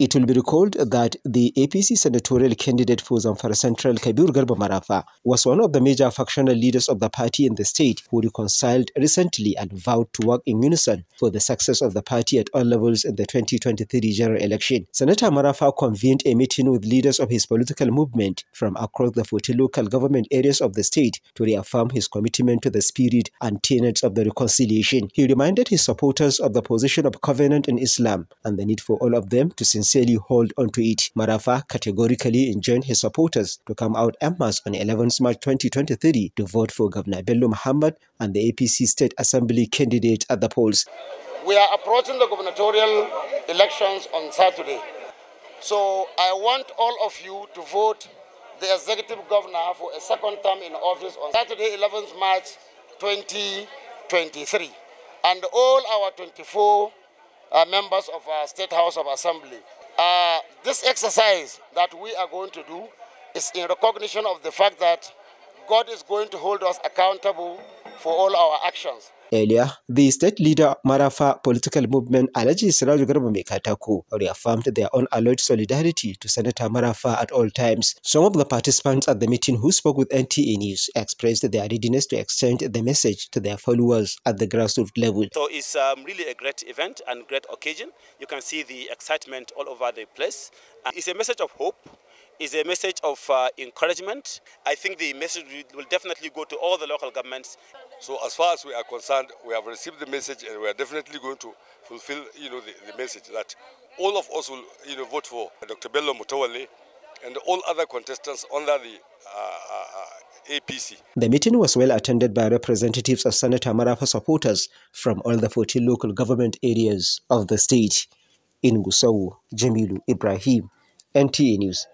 It will be recalled that the APC senatorial candidate for Zamfara Central, Kabir Garba Marafa, was one of the major factional leaders of the party in the state who reconciled recently and vowed to work in unison for the success of the party at all levels in the 2023 general election. Senator Marafa convened a meeting with leaders of his political movement from across the 40 local government areas of the state to reaffirm his commitment to the spirit and tenets of the reconciliation. He reminded his supporters of the position of covenant in Islam and the need for all of them to sincerely sincerely hold on to it. Marafa categorically enjoined his supporters to come out en masse on 11 March 2023 to vote for Governor Bello Muhammad and the APC State Assembly candidate at the polls. We are approaching the gubernatorial elections on Saturday. So I want all of you to vote the executive governor for a second term in office on Saturday, 11th March 2023, and all our 24 uh, members of our State House of Assembly. Uh, this exercise that we are going to do is in recognition of the fact that God is going to hold us accountable for all our actions. Earlier, the state leader Marafa political movement Alaji Siraju Garba Mekatako reaffirmed their unalloyed solidarity to Senator Marafa at all times. Some of the participants at the meeting who spoke with NTA News expressed their readiness to extend the message to their followers at the grassroots level. So it's um, really a great event and great occasion. You can see the excitement all over the place. Uh, it's a message of hope is a message of uh, encouragement. I think the message will definitely go to all the local governments. So as far as we are concerned, we have received the message and we are definitely going to fulfill, you know, the, the message that all of us will, you know, vote for Dr. Bello Mutawale and all other contestants under the uh, uh, uh APC. The meeting was well attended by representatives of Senator Marafa supporters from all the 14 local government areas of the state. In Gusau, Jamilu Ibrahim, NTA News.